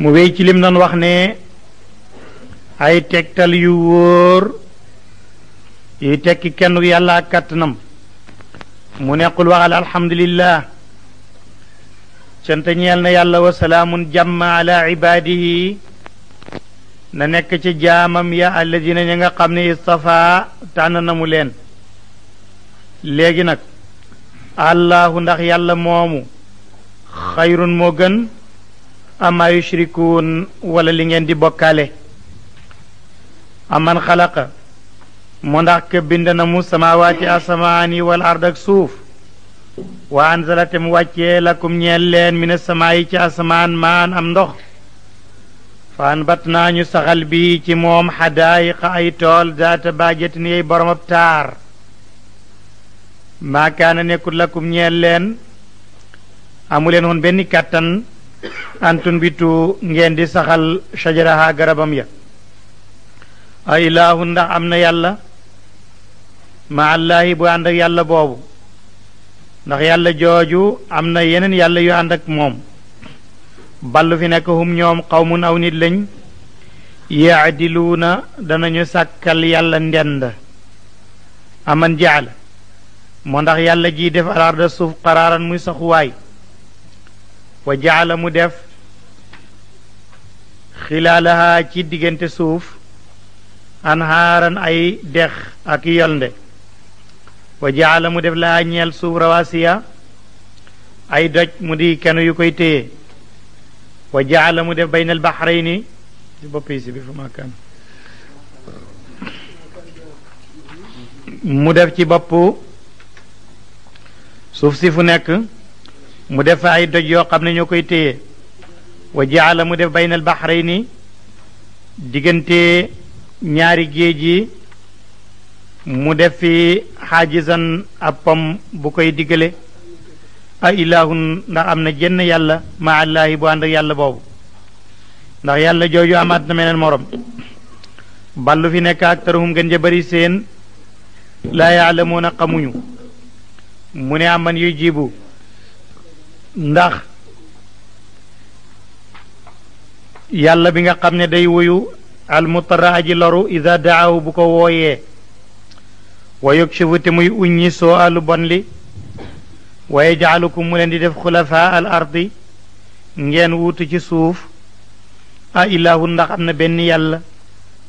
mu wéy ci lim doon wax ne ay tegtal yu wóor yuy tekki kenn yàlla ak kàttanam mu nequl waxal alhamdulillah cant ñeel na yàlla wa salaamun jàmm ala ibaadihi na nekk ci jaamam ya alladina ña nga xam ne istafaa tànn na mu leen léegi nag allahu ndax yàlla moomu xayrun moo gën ama yushrikuun wala li ngeen di bokkaale aman xalaqa mu ndax ke bind na mu samaawaati asamaani wal ard ak suuf wa anzala te mu wàccee lakum ñeel leen mine samaa yi ci asamaan maan am ndox fa anbat naa ñu saxal bi ci moom xadaayiqa ay tool zaata baajatin yey borom ab taar maakaana nekkul lakum ñeel leen amuleen woon benn kàttan antun bitu ngeen di saxal shajaraha garabam ya a ilaahu ndax am na yàlla ma allaahi bu ànd ak yàlla boobu ndax yàlla jooju am na yeneen yàlla yu ànd ak moom ballu fi nekk hum ñoom xawmun aw nit lañ yaadiluuna danañu sàkkal yàlla ndend aman jaala moo ndax yàlla ji def alarda suuf qaraaran muy saxuwaay wa jaala mu def xilaalaha ci diggante suuf anhaaran ay dex ak yolnde wa jaala mu def lahaa ñeel suuf rawaasiya ay doj mu di kenn yu koy téye wa jaala mu def bayna al bahrayni ci bopp yi si mu def ci bopp suuf si fu nekk mu def fa ay doj yoo xam ne ñoo koy téye wa jaala mu def bayna al bahrayni diggante ñaari géej gi mu def fi xaajizan ab pom bu koy diggale a ilaahun ndax am na jenn yàlla ma allaahi bu ànd yàlla boobu ndax yàlla jooju amaat na meneen morom ballu fi nekk ak tarahum gën ja bëri seen laa yaalamuuna xamuñu mu ne aman yuy jibu ndax yàlla bi nga xam ne day wuyu almutara aji loru ida daawu bu ko wooyee wa yog shifu te muy uññi soo alu bon li waaye yajcalukum mu leen di def xulafaa al ardi ngeen wuutu ci suuf a ilaahu ndax am na benn yàlla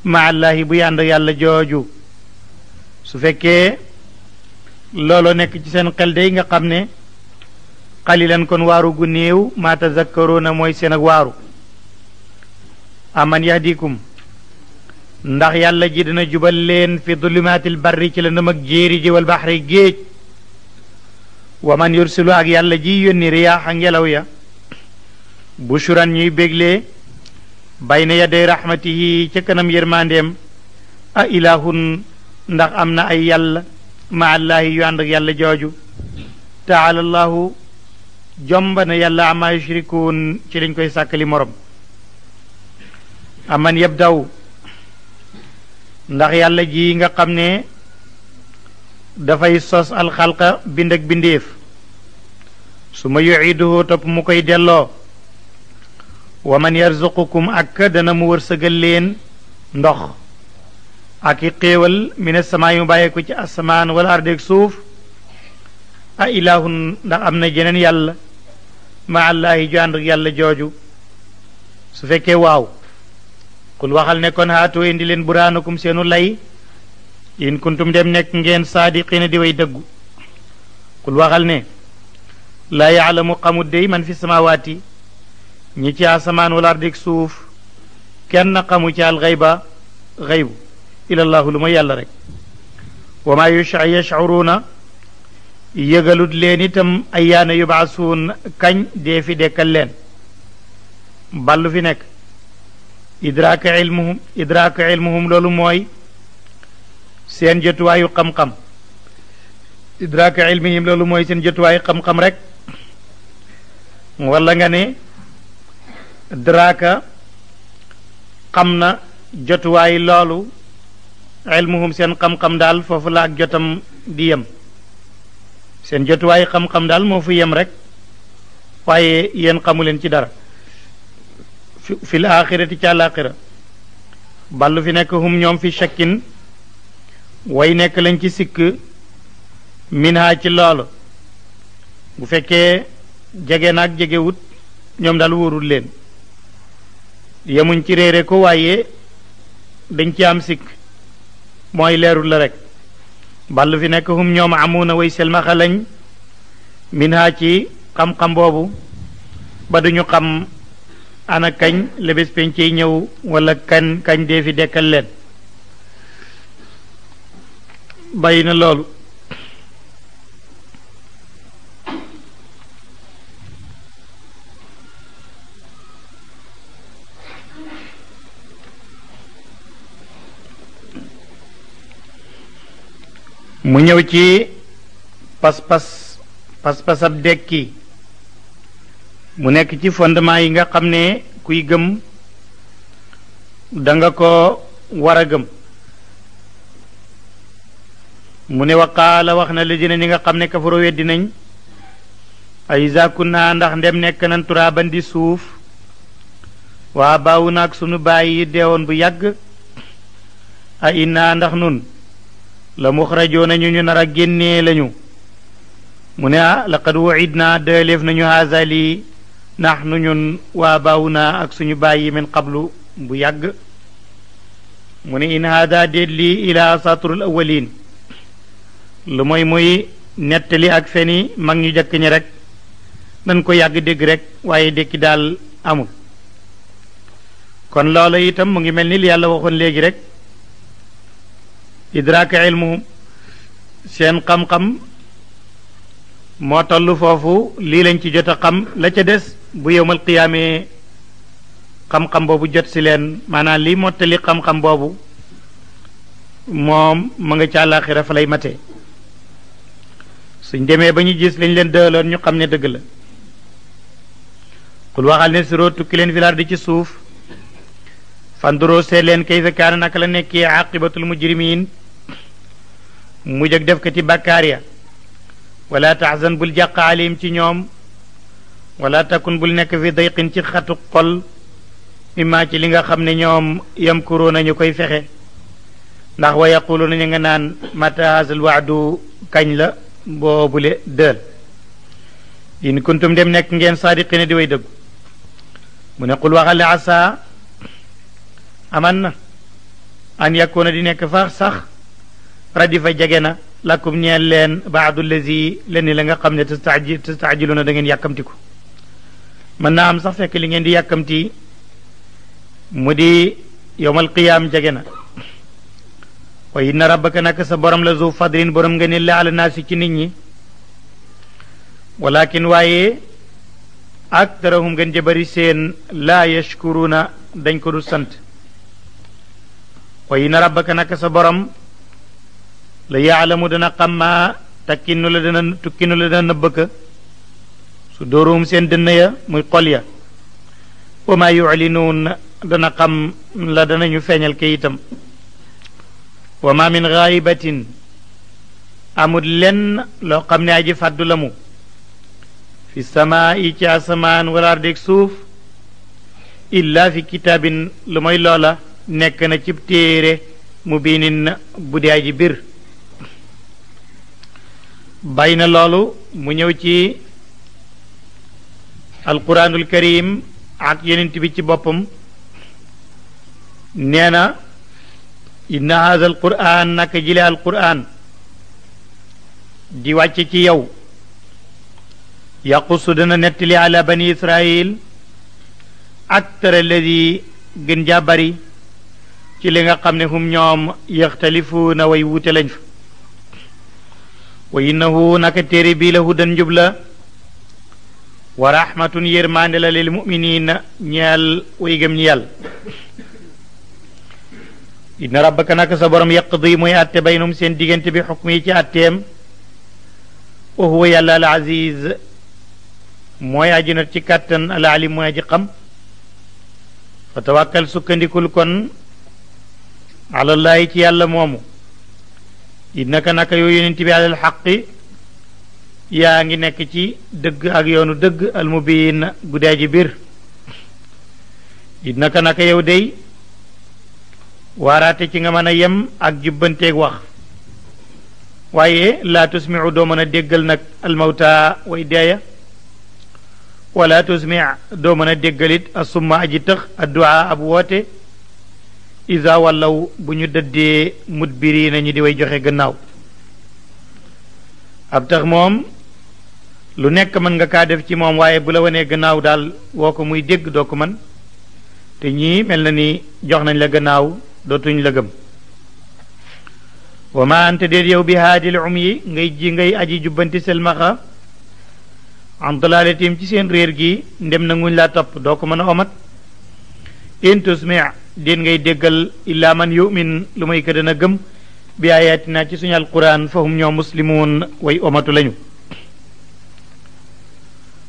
maallaahi bu yànd yàlla jooju su fekkee looloo nekk ci seen xel day nga xam ne xalilan kon waaru gu néew maa tazakkaruuna mooy seen ak waaru aman yahdikum ndax yàlla ji dina jubal leen fi dulumaati bari ci la ndëm ak jéeri ji wal géej wa man yursilu ak yàlla ji yónni riyaaxa ngelaw ya bu bushuran ñuy béglee bayna yaday rahmatihi ca kanam yërmandeem a ilahun ndax am na ay yàlla ma allahi yu ànd ak yàlla jooju taala allahu jomba na yàlla ama yushrikuun ci lañ koy sàkkali morom aman yabdaw ndax yàlla ji nga xam ne dafay sos alxalqa bind ak bindéef su ma yuciiduhu topp mu koy delloo wa man yarzuqukum ak dana mu wërsëgal leen ndox ak i xéewal mi ne samaa yu bàyyee ko ci asamaan wala ardeeg suuf a ilaahun ndax am na jeneen yàlla ma allaahi ju yàlla jooju su fekkee waaw kul waxal ne kon haatu indi leen buraanakum seenu lay in kuntum dem nekk ngeen saadiqina di way dëggu kul waxal ne laa yaalamu xamut dey man fi samawaati ñi ci asamaan wala ardik suuf kenn xamu ci alxayba xaybu ilallaahu lu ma yàlla rek wa yusha yashcuruuna yëgalut leen itam ayaana yubaasuun kañ dee fi dekkal leen ballu fi nekk idraaka ilmuhum idraaka ilmuhum loolu mooy seen jotuwaayu xam-xam idraaka ilmihim loolu mooy seen jotuwaayu xam-xam rek wala nga ne draaka xam na jotuwaay loolu ilmuhum seen xam-xam daal foofu la jotam di yem seen jotuwaay xam-xam daal moo fi yem rek waaye yéen xamu leen ci dara fi fi l axirati ca àlaxira fi nekk hum ñoom fi shakkin way nekk lañ ci sikk minha ci loolu bu fekkee jege naag jegewut ñoom dal wóorul leen yemuñ ci réere ko waaye dañ ci am sikk mooy leerul la rek ball fi nekk hum ñoom amuuna way selmaxa lañ minha ci xam-xam boobu ba duñu xam ana kañ lebés penc yi ñëw wala kañ kañ dee fi dekkal leen bàyyi na loolu mu ñëw ci pas-pas pas-pasab dekki mu nekk ci fondement yi nga xam ne kuy gëm da nga ko war a gëm mu ne wa qaala wax na lijina ñi nga xam ne kafaru di nañ ay zakun naa ndax ndem nekk nan turaaban di suuf waa baawu naag sunu bàyyi yi deewoon bu yàgg a innaa ndax nun la muxrajoona ñu ñu nar a génnee lañu mu ne ah laqad wucid naa deeleef nañu haasa lii nax nu ñun waa baawu naa ak suñu bàyyi min qablu bu yàgg mu ne in haada déet lii ilaa satrul awalin lu moy moy netali ak feni mag ñu jekk ñi rek dañ ko yag deg rek waye deki dal amul kon lolo itam mu ngi melni li yalla waxon legi rek idrak ilmu sen xam-xam mo toll fofu li lañ ci jotta xam la ca dess bu yowmal qiyamé xam-xam bobu jot si leen maanaam lii mottali xam-xam bobu mom ma nga ci alakhirah fa lay maté suñ demee ba ñu gis lañ leen dëhaloon ñu xam ne dëgg la xul waxal ne siroo tukki leen filaar di ci suuf fanduroo seet leen kayfa kaana naka la nekkee aqibatul mujrimiin mu ak def ko ci bàkkaar ya wala taxzan bul jàq alim ci ñoom walla takun bul nekk fi dayqin ci xatu xol mimma ci li nga xam ne ñoom yam yamkuroon nañu koy fexe ndax wa yaquluuna nañu nga naan mata haazal waadu kañ la boobule dël in kuntum dem nekk ngeen saadiqina di way dëggu mu ne qul waxal ne aman na an yakkoona di nekk faax sax radifa jege na lakum ñeel leen baadu lazi lenni la nga xam ne tastaaji tastaajiluuna da ngeen yàkkamti ko mën na am sax fekk li ngeen di yàkkamti mu di yowmal qiyaam jege na wa inna rabbaka nag sa borom la zu fadlin borom nga ne la ala naasi ci nit ñi walakin waaye ak aktarahum gën jëbëri seen laa yashkuruna dañ ko du sant wa inna rabbaka nag sa borom la yaalamu dana xammaa takkinu la dana tukkinu la dana nëbbëkka su dóoruhum seen dënn ya muy xol ya wa maa yuclinuun dana xam la danañu feeñal kayitam wama min ghaibatin amul len lo xamne aji faddu lamu fi samaa'i yi ci asamaan wala ardeg suuf illa fi kitabin lumay lola nek na ci téré mu biinin bu aji bir bayna lolu mu ñew ci alquranul karim ak yonent bi ci bopam neena إن هذا القرآن نك القرآن دي واتشي يو يقصدنا نتلي على بني إسرائيل أكثر الذي جن جابري كي لنغا قمنهم يوم يختلفون ويوت لنف وإنه نك تيري له دن جبلة ورحمة يرمان للمؤمنين نيال ويغم نيال inna rabbaka naka sa borom yaqdi muy atte baynum seen diggante bi xukm yi ci atteem wa huwa yàlla al aziz mooy aji ci kàttan al alim mooy aji xam fa tawakkal sukkandikul kon alallaahi ci yàlla moomu innaka naka yow yonent bi alal xaqi yaa ngi nekk ci dëgg ak yoonu dëgg almubiin guddaa ji biir innaka naka yow dey waaraate ci nga mën a yem ak jubbanteeg wax waaye laa tusmiu doo mën a déggal nag almawta way deeya wala tusmi doo mën a déggalit asumma aji tëx adduaa ab woote isa wallaw bu ñu dëddee mudbiri nañu di way joxe gannaaw ab tax moom lu nekk mën nga kaa def ci moom waaye bu la wanee gannaaw daal woo ko muy dégg doo ko mën te ñii mel na ni jox nañ la gannaaw dootuñu la gëm wa ma anta déet yow bi haadil um yi ngay ji ngay aji jubbanti selmaxa an dalaalatim ci seen réer gi ndem na nguñ laa topp doo ko mën a omat in tusmi ngay déggal illaa man yumin lu may ko gëm bi ayatina ci suñu alquran fahum ñoo muslimuun way omatu lañu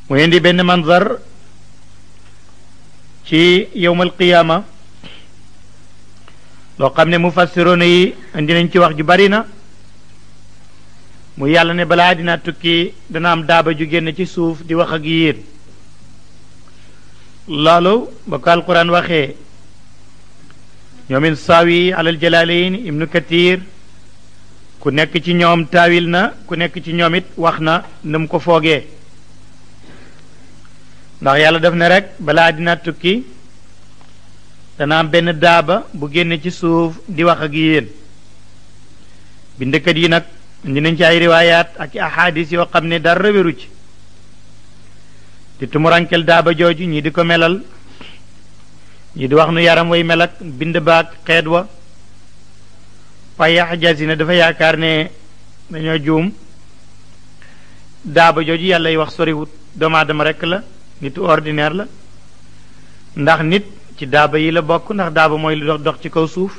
mu indi benn manzar ci yowmal qiyaama loo xam ne mufassiroona yi indi nañ ci wax ju bari na mu yàlla ne balaa dina tukki dana am daaba ju génn ci suuf di wax ak yéen loolu ba ko alquran waxee ñoomin saawi alal jalaalayn ibnu kathir ku nekk ci ñoom taawil na ku nekk ci ñoom it wax na nu ko foogee ndax yàlla def na rek balaa dina tukki dana benn daaba bu génne ci suuf di wax ak yéen bindkat yi nag indi nañ ci ay riwaayaat ak ahadis yoo xam ne dara wéru ci di tumurankel daaba jooju ñii di ko melal ñii di wax nu yaram way mel ak bind baag xeet wa waaye axjaas yi na dafa yaakaar ne dañoo juum daaba jooju yàlla yi wax soriwut doomu aadama rekk la nitu ordinaire la ndax nit ci daaba yi la bokk ndax daaba mooy lu dox ci kaw suuf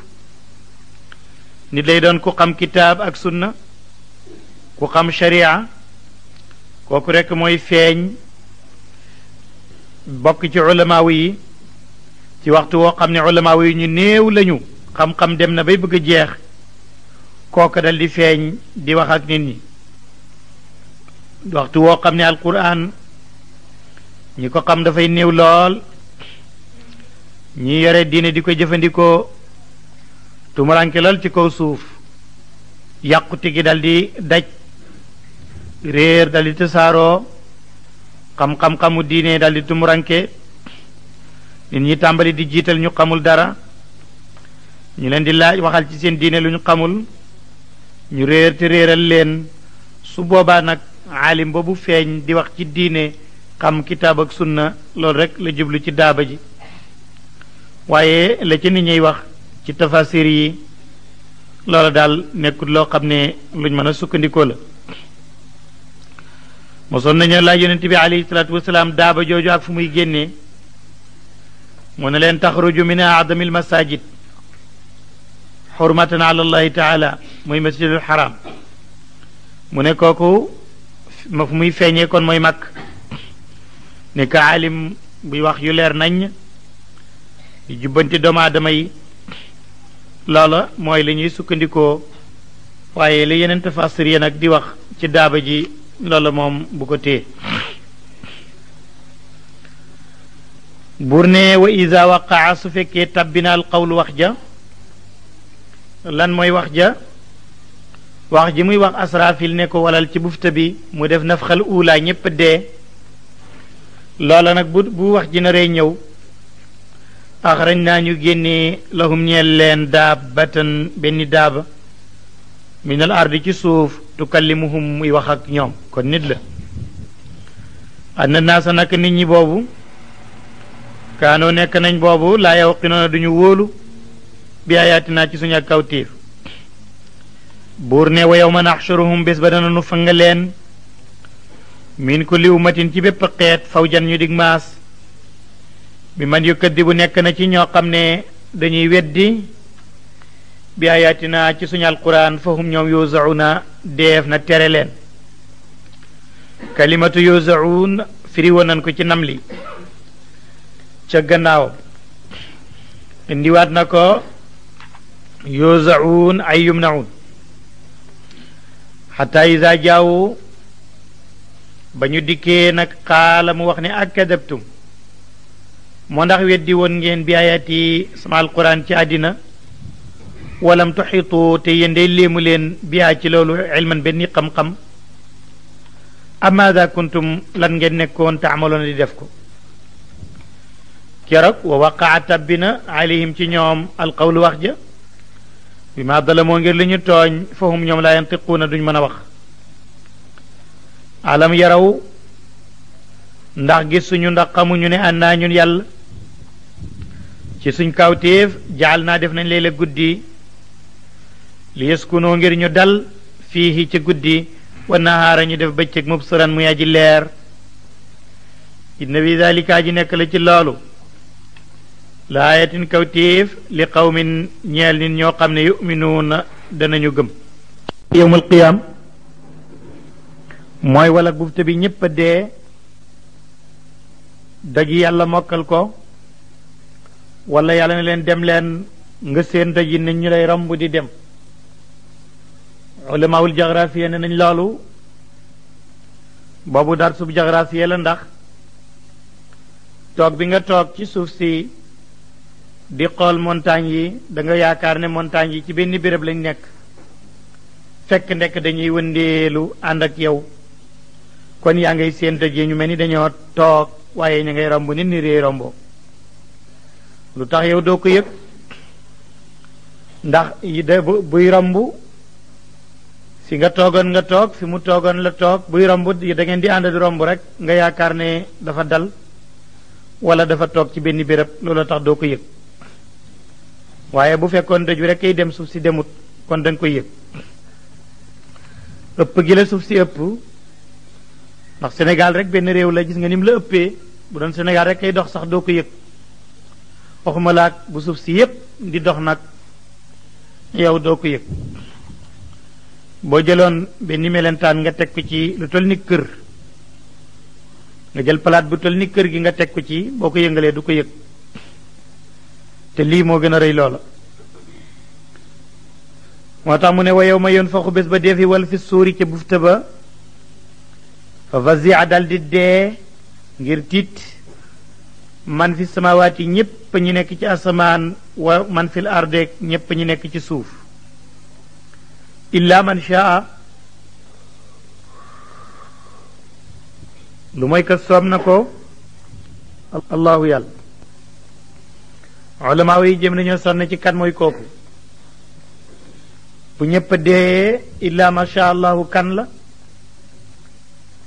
nit lay doon ku xam kitaab ak sunna ku xam sharia kooku rekk mooy feeñ bokk ci ulamaaw yi ci waxtu woo xam ne ulamaaw yi ñu néew lañu xam-xam dem na bay bëgg a jeex kooku dal di feeñ di wax ak nit ñi waxtu woo xam ne alquran ñi ko xam dafay néew lool ñi yore diine di ko jëfandikoo tumuranke lal ci kaw suuf yàquti gi dal di daj réer dal di kam-kam xam xamu diine dal di tumuranke nit ñi tàmbali di jiital ñu xamul dara ñu leen di laaj waxal ci seen diine lu ñu xamul ñu réer te réeral leen su boobaa nag aalim boobu feeñ di wax ci diine xam kitaab ak sunna loolu rek la jublu ci daaba ji waaye la ci nit ñuy wax ci tafasiir yi loolu daal nekkul loo xam ne luñ mën a sukkandikoo la mosoon nañu laaj yonente bi alayhi salaatu wasalaam daaba jooju ak fu muy génnee mu ne leen taxruju min aadamil masajid xurmatan ala allahi taala muy masjidul xaram mu ne kooku fu muy feeñee kon mooy mag nekk aalim buy wax yu leer nañ jubbanti doomu aadama yi loola mooy li ñuy sukkandikoo waaye li yeneen tafaasir yi nag di wax ci daaba ji loola moom bu ko téye buur ne wa iza waqaa su fekkee tabbina xawlu wax ja lan mooy wax ja wax ji muy wax asrafil ne ko walal ci bufta bi mu def nafxal uulaa ñépp dee loola nag bu bu wax ji na naree ñëw axrañ naa ñu génnee lahum ñeel leen daabatan benn daaba minal ardi ci suuf tukallimuhum muy wax ak ñoom kon nit la ana naasa nag nit ñi boobu kaanoo nekk nañ boobu laa yawqinoona duñu wóolu bi ayaatinaa ci suñu ak kawtiif buur ne wa yawma naxshuruhum bés ba dana nu fanga leen min kulli ummatin ci bépp xeet faw jan ñu dig maas bi man yu këddi bu nekk na ci ñoo xam ne dañuy weddi bi ayaatina ci suñu alquran fahum ñoom yuzauna deef na tere leen kalimatu yuzaun firi woon nañ ko ci nam li ca gannaaw indiwaat na ko yuzaun ay yumnaun xata isa jaawu ba ñu dikkee nag xaala mu wax ne ak kadabtum moo ndax weddi won ngeen bi ayaati sama alquran ci àddina walam tuxitu te yéen day léemu leen biyaa ci loolu ilman benn xam-xam amaada kuntum lan ngeen nekkoon taamaloona li def ko keroog wa waqaa tabbina alayhim ci ñoom alqawlu wax ja bi ma dalamoo ngir li ñu tooñ fahum ñoom la yantiquuna duñ mën a wax alam yaraw ndax gisuñu ndax xamuñu ne an naa ñun yàll ci suñ kawtéef jaal naa def nañ leela guddi li noo ngir ñu dal fii ci guddi wa nahaara ñu def bëccëg mubsiran muy aji leer inna bi dalika ji nekk la ci loolu laayatin kawtéef li qawmin ñeel nit ñoo xam ne yuminuuna danañu gëm yowmal qiyaam mooy wala bufta bi ñëpp a dee dëgg yàlla mokkal ko wala yàlla ne leen dem leen nga seen dëgg nit ñu lay romb di dem ulamaawul jagraafiya ne nañ loolu boobu dar sub jagraafiya la ndax toog bi nga toog ci suuf si di xool montagne yi da nga yaakaar ne montagne yi ci benn béréb lañ nekk fekk nekk dañuy wëndeelu ànd ak yow kon yaa ngay seen dëgg yi ñu mel ni dañoo toog waaye ñu ngay romb ni niri rombo lu tax yow doo ko yëg ndax de buy romb si nga toogoon nga toog si mu toogoon la toog buy romb da ngeen di ànd di romb rek nga yaakaar ne dafa dal wala dafa toog ci benn béréb loolu tax doo ko yëg waaye bu fekkoon dëju rek kay dem suuf si demut kon da koy yëg ëpp gi la suuf si ëpp ndax Sénégal rek benn réew lay gis nga nim la ëppee bu doon Sénégal rek kay dox sax doo ko yëg waxuma laak bu suuf si yépp di dox nag yow doo ko yëg boo jëloon benn melentaan nga teg ko ci lu toll ni kër nga jël palaat bu toll ni kër gi nga teg ko ci boo ko yëngalee du ko yëg te lii moo gën a rëy loola moo tax mu ne wa ma yoon faxu bés ba deefi wal fi suuri ca bufta ba fa vazia dal di dee ngir tiit man fi samawaati ñépp ñi nekk ci asamaan wa man fil ardeek ñépp ñi nekk ci suuf illa man shaa lu mooy ka soob na ko allahu yàlla ulamaa yi nañoo sonn ci mooy kooku bu ñépp dee ma shaa allahu kan la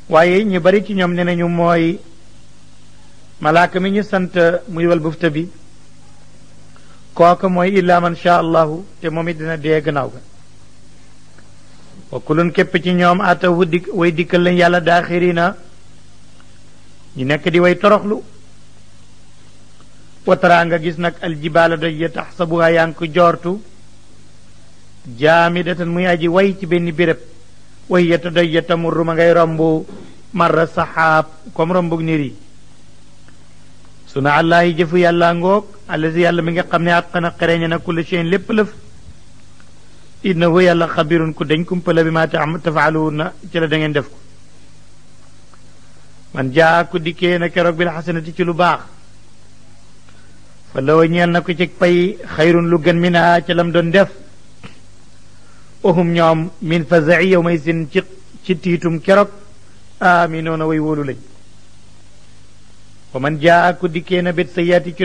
waaye ñu bari ci ñoom ne nañu mooy malaaka mi ñu sant muy wal bi kooka mooy illaa man sha allahu te moom it dina dee gannaaw ga wa kulun képp ci ñoom atawu dik way dikkal lañ yàlla daaxirina ñu nekk di way toroxlu wataraa nga gis nag aljibaala doj ya taxsabuha yaa ngi ko joortu jaamidatan muy aji way ci benn béréb way yetta day yetta murru ma ngay romb marra saxaab comme rombug niir yi suna allahi jëfu yàlla ngoog allazi yàlla mi nga xam ne atqana xereñe na kulla shay'in lépp lëf innahu yàlla xabirun ku dañ kumpala bi maa tafaaluun na ci la da ngeen def ko man jaa dikkee na keroog bi bil xasanati ci lu baax fa lawa ñeel na ko ci pay xayrun lu gën mi naa ca lam doon def wahum ñoom min fasai yow may sin ci ci tiitum keroog aaminoona way wóolu lañ wa man jaa ku dikkee na bét sa yaati ci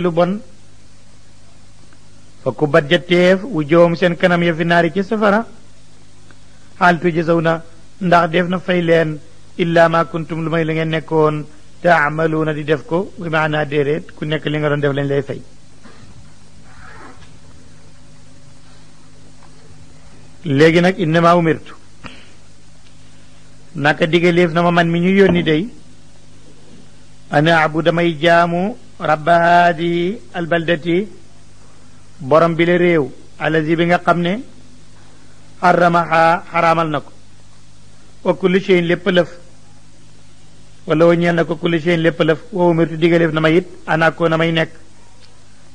fa ku bat ja wu joom seen kanam ya fi naari ci safara xaaltu jësaw na ndax def na fay leen illa ma kuntum lu may la ngeen nekkoon taamaluuna di def ko bi maanaa déedéet ku nekk li nga doon def lañ lay fay léegi nag innama umirtu naka digaleef na ma man mi ñu yónni day ana abu damay jaamu rabba haadihi albaldati borom bi la réew alazi bi nga xam ne xaramaha xaraamal na ko ok kulli cheyin lépp lëf wala wa na ko kulli cheyin lépp lëf wa umirtu digaleef na ma it ana na may nekk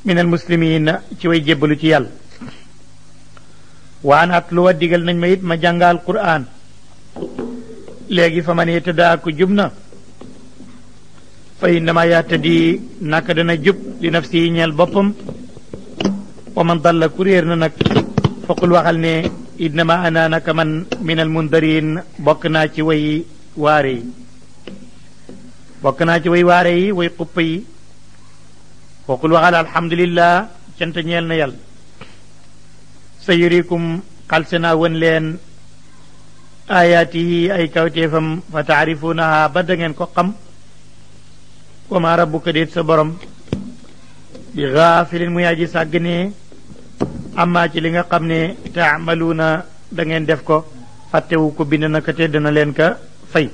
min almuslimin ci way jébbalu ci yàlla waan lu digal nañ ma it ma jangal qur'an legi fa man yahtadaa ku jumna fa inma ya tadi naka dana jub li nafsi ñal bopam wa man dalla kurir na nak fa qul waxal ne inma ana naka man min al mundarin bokna ci way waré bokna ci way waré way wa qul waxal alhamdulillah cënt ñel na yalla sa yurikum xalsena won leen ayaatihi ay kawteefam fa taarifunaha ba da ngeen ko xam wa ma rabbuka déet sa borom bi gaafilin mu yaaji sàgg ne ci li nga xam ne taamaluuna dangeen ngeen def ko fàttewu ko bind na ko dana leen ka fay